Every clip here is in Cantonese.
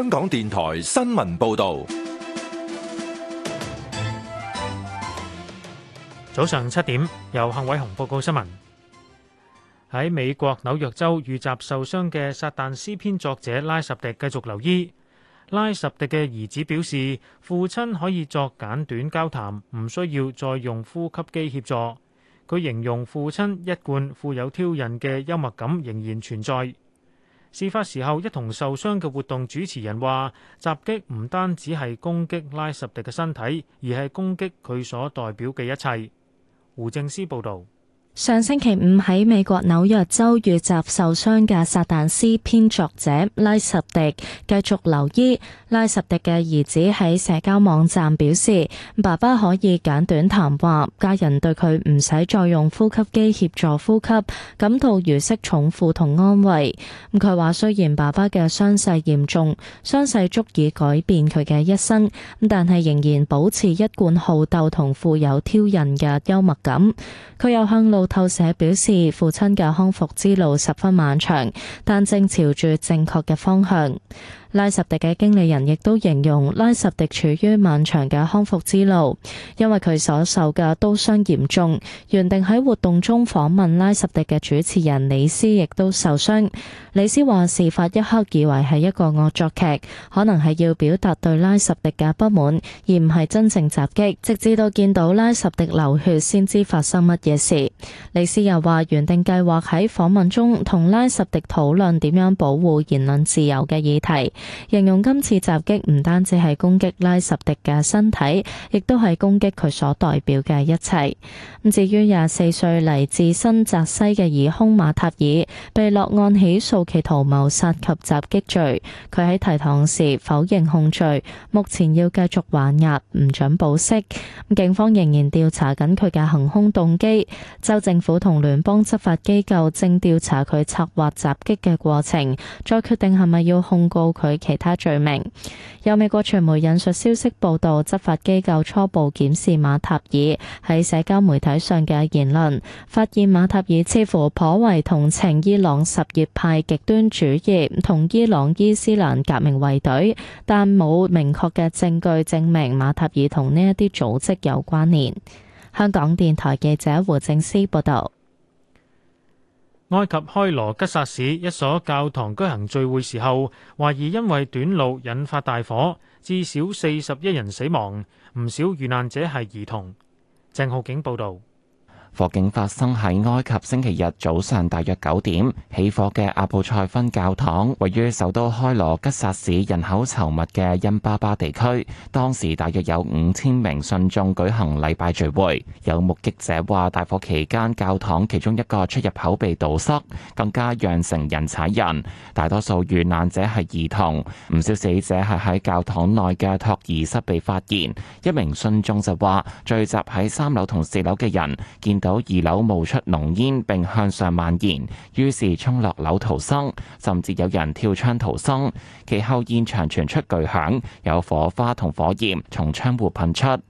香港電台新聞報道，早上七點，由幸偉雄報告新聞。喺美國紐約州遇襲受傷嘅撒旦詩篇作者拉什迪繼續留醫。拉什迪嘅兒子表示，父親可以作簡短交談，唔需要再用呼吸機協助。佢形容父親一貫富有挑釁嘅幽默感仍然存在。事發時候，一同受傷嘅活動主持人話，襲擊唔單止係攻擊拉什迪嘅身體，而係攻擊佢所代表嘅一切。胡正思報導。上星期五喺美國紐約州遇襲受傷嘅撒旦詩篇》作者拉什迪繼續留醫。拉什迪嘅兒子喺社交網站表示，爸爸可以簡短談話，家人對佢唔使再用呼吸機協助呼吸，感到如釋重負同安慰。佢話，雖然爸爸嘅傷勢嚴重，傷勢足以改變佢嘅一生，但係仍然保持一貫好鬥同富有挑釁嘅幽默感。佢又向路。透社表示，父親嘅康復之路十分漫長，但正朝住正確嘅方向。拉什迪嘅經理人亦都形容拉什迪處於漫長嘅康復之路，因為佢所受嘅刀傷嚴重。原定喺活動中訪問拉什迪嘅主持人李斯亦都受傷。李斯話事發一刻以為係一個惡作劇，可能係要表達對拉什迪嘅不滿，而唔係真正襲擊。直至到見到拉什迪流血，先知發生乜嘢事。李斯又話原定計劃喺訪問中同拉什迪討論點樣保護言論自由嘅議題。形容今次襲擊唔單止係攻擊拉什迪嘅身體，亦都係攻擊佢所代表嘅一切。至於廿四歲嚟自新澤西嘅疑凶馬塔爾，被落案起訴企圖謀殺及襲擊罪。佢喺提堂時否認控罪，目前要繼續還押，唔准保釋。警方仍然調查緊佢嘅行凶動機，州政府同聯邦執法機構正調查佢策劃襲擊嘅過程，再決定係咪要控告佢。其他罪名，有美國傳媒引述消息報道，執法機構初步檢視馬塔爾喺社交媒體上嘅言論，發現馬塔爾似乎頗為同情伊朗什葉派極端主義同伊朗伊斯蘭革命衛隊，但冇明確嘅證據證明馬塔爾同呢一啲組織有關聯。香港電台記者胡正思報道。埃及開羅吉薩市一所教堂舉行聚會時候，懷疑因為短路引發大火，至少四十一人死亡，唔少遇難者係兒童。鄭浩景報道。火警發生喺埃及星期日早上，大約九點起火嘅阿布賽芬教堂，位於首都開羅吉薩市人口稠密嘅恩巴巴地區。當時大約有五千名信眾舉行禮拜聚會。有目擊者話，大火期間教堂其中一個出入口被堵塞，更加讓成釀成人踩人。大多數遇難者係兒童，唔少死者係喺教堂內嘅托兒室被發現。一名信眾就話，聚集喺三樓同四樓嘅人見到二樓冒出濃煙，並向上蔓延，於是衝落樓逃生，甚至有人跳窗逃生。其後現場傳出巨響，有火花同火焰從窗戶噴出。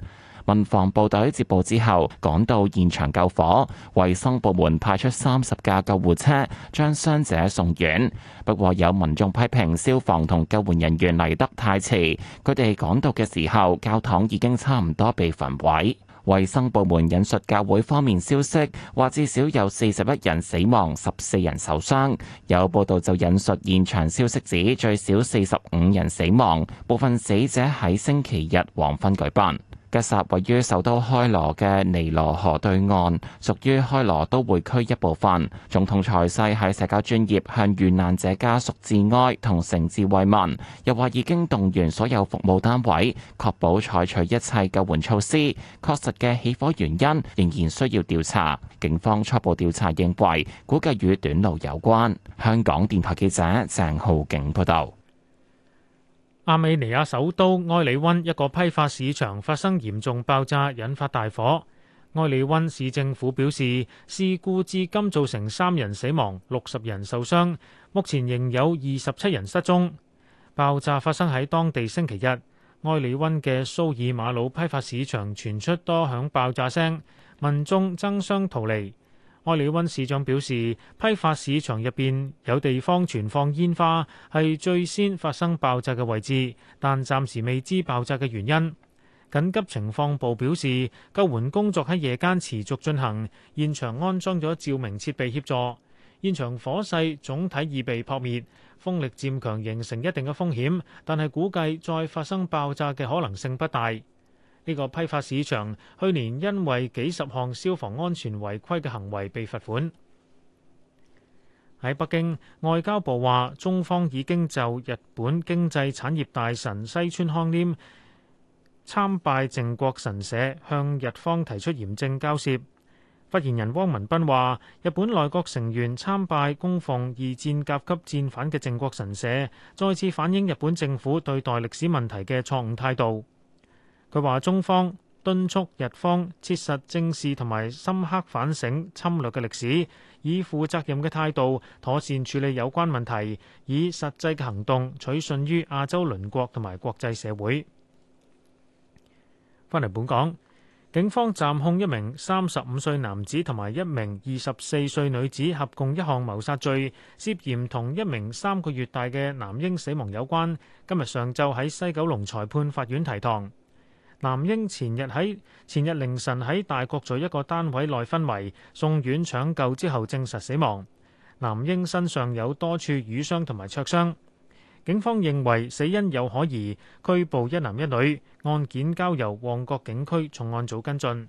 民防部隊接報之後，趕到現場救火。衛生部門派出三十架救護車，將傷者送院。不過有民眾批評消防同救援人員嚟得太遲，佢哋趕到嘅時候，教堂已經差唔多被焚毀。衛生部門引述教會方面消息，話至少有四十一人死亡，十四人受傷。有報道就引述現場消息指，最少四十五人死亡，部分死者喺星期日黃昏舉辦。吉薩位於首都開羅嘅尼羅河對岸，屬於開羅都會區一部分。總統財勢喺社交專業向遇難者家屬致哀同誠摯慰問，又話已經動員所有服務單位，確保採取一切救援措施。確實嘅起火原因仍然需要調查，警方初步調查認為估計與短路有關，香港電台記者鄭浩景報道。亞美尼亞首都埃里温一個批發市場發生嚴重爆炸，引發大火。埃里温市政府表示，事故至今造成三人死亡、六十人受傷，目前仍有二十七人失蹤。爆炸發生喺當地星期日，埃里温嘅蘇爾馬魯批發市場傳出多響爆炸聲，民眾爭相逃離。埃里溫市長表示，批發市場入邊有地方存放煙花，係最先發生爆炸嘅位置，但暫時未知爆炸嘅原因。緊急情況部表示，救援工作喺夜間持續進行，現場安裝咗照明設備協助。現場火勢總體已被撲滅，風力漸強，形成一定嘅風險，但係估計再發生爆炸嘅可能性不大。呢個批發市場去年因為幾十項消防安全違規嘅行為被罰款。喺北京，外交部話中方已經就日本經濟產業大臣西村康稔參拜靖國神社向日方提出嚴正交涉。發言人汪文斌話日本內閣成員參拜供奉二戰甲級戰犯嘅靖國神社，再次反映日本政府對待歷史問題嘅錯誤態度。佢話：中方敦促日方切實正視同埋深刻反省侵略嘅歷史，以負責任嘅態度妥善處理有關問題，以實際嘅行動取信於亞洲鄰國同埋國際社會。翻嚟本港，警方暫控一名三十五歲男子同埋一名二十四歲女子合共一項謀殺罪，涉嫌同一名三個月大嘅男嬰死亡有關。今日上晝喺西九龍裁判法院提堂。男嬰前日喺前日凌晨喺大角咀一個單位內昏迷，送院搶救之後證實死亡，男嬰身上有多處瘀傷同埋灼傷，警方認為死因有可疑，拘捕一男一女，案件交由旺角警區重案組跟進。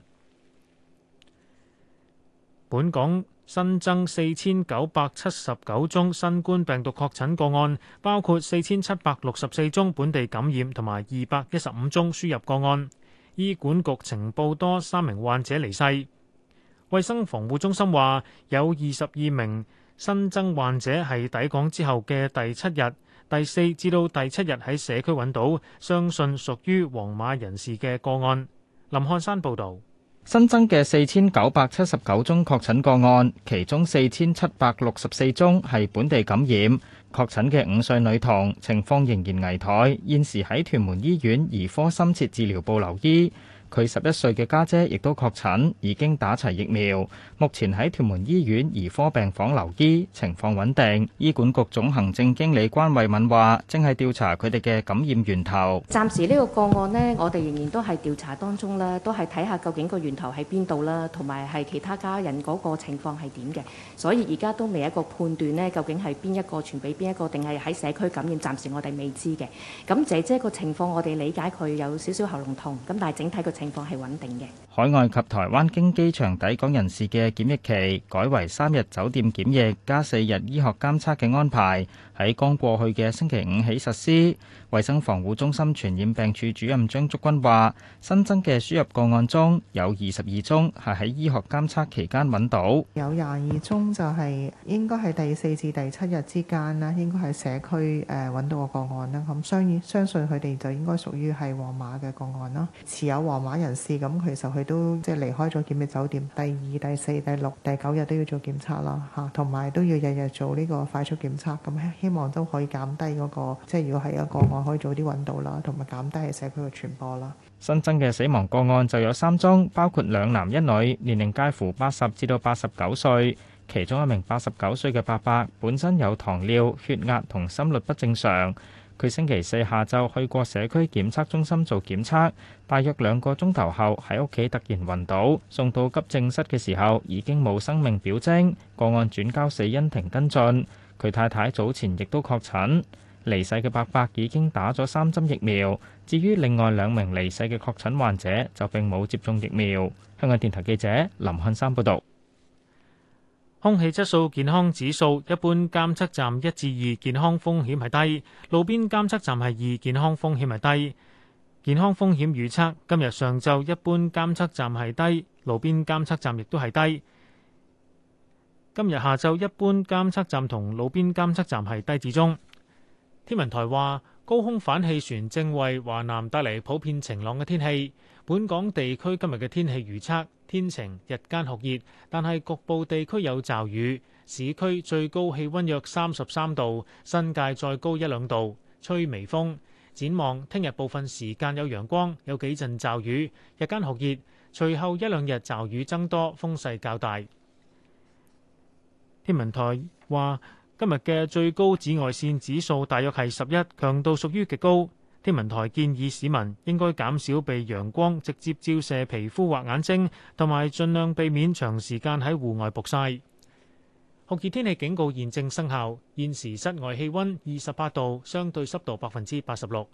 本港，新增四千九百七十九宗新冠病毒確診個案，包括四千七百六十四宗本地感染同埋二百一十五宗輸入個案。醫管局呈報，多三名患者離世。衛生防護中心話有二十二名新增患者係抵港之後嘅第七日，第四至到第七日喺社區搵到，相信屬於黃碼人士嘅個案。林漢山報道。新增嘅四千九百七十九宗確診個案，其中四千七百六十四宗係本地感染。確診嘅五歲女童情況仍然危殆，現時喺屯門醫院兒科深切治療部留醫。佢十一歲嘅家姐亦都確診，已經打齊疫苗，目前喺屯門醫院兒科病房留醫，情況穩定。醫管局總行政經理關惠敏話，正係調查佢哋嘅感染源頭。暫時呢個個案呢，我哋仍然都係調查當中啦，都係睇下究竟個源頭喺邊度啦，同埋係其他家人嗰個情況係點嘅。所以而家都未一個判斷呢，究竟係邊一個傳俾邊一個，定係喺社區感染？暫時我哋未知嘅。咁姐姐個情況，我哋理解佢有少少喉嚨痛，咁但係整體個。情況係穩定嘅。海外及台灣經機場抵港人士嘅檢疫期，改為三日酒店檢疫加四日醫學監測嘅安排，喺剛過去嘅星期五起實施。衛生防護中心傳染病處主任張竹君話：新增嘅輸入個案中有二十二宗係喺醫學監測期間揾到，有廿二宗就係應該係第四至第七日之間啦，應該係社區誒揾到個個案啦。咁相相信佢哋就應該屬於係黃碼嘅個案囉。持有黃碼人士咁，其實佢都即係離開咗檢疫酒店。第二、第四、第六、第九日都要做檢測啦，嚇，同埋都要日日做呢個快速檢測。咁希望都可以減低嗰個，即係如果係一個案，可以早啲搵到啦，同埋減低係社區嘅傳播啦。新增嘅死亡個案就有三宗，包括兩男一女，年齡介乎八十至到八十九歲。其中一名八十九歲嘅伯伯本身有糖尿、血壓同心率不正常。佢星期四下晝去過社區檢測中心做檢測，大約兩個鐘頭後喺屋企突然暈倒，送到急症室嘅時候已經冇生命表徵，個案轉交死因庭跟進。佢太太早前亦都確診，離世嘅伯伯已經打咗三針疫苗，至於另外兩名離世嘅確診患者就並冇接種疫苗。香港電台記者林漢山報道。空氣質素健康指數一般監測站一至二，健康風險係低；路邊監測站係二，健康風險係低。健康風險預測今日上晝一般監測站係低，路邊監測站亦都係低。今日下晝一般監測站同路邊監測站係低至中。天文台話高空反氣旋正為華南帶嚟普遍晴朗嘅天氣。本港地區今日嘅天氣預測。天晴，日間酷熱，但係局部地區有驟雨。市區最高氣温約三十三度，新界再高一兩度，吹微風。展望聽日部分時間有陽光，有幾陣驟雨，日間酷熱。隨後一兩日驟雨增多，風勢較大。天文台話，今日嘅最高紫外線指數大約係十一，強度屬於極高。天文台建議市民應該減少被陽光直接照射皮膚或眼睛，同埋盡量避免長時間喺戶外曝曬。酷熱天氣警告現正生效，現時室外氣温二十八度，相對濕度百分之八十六。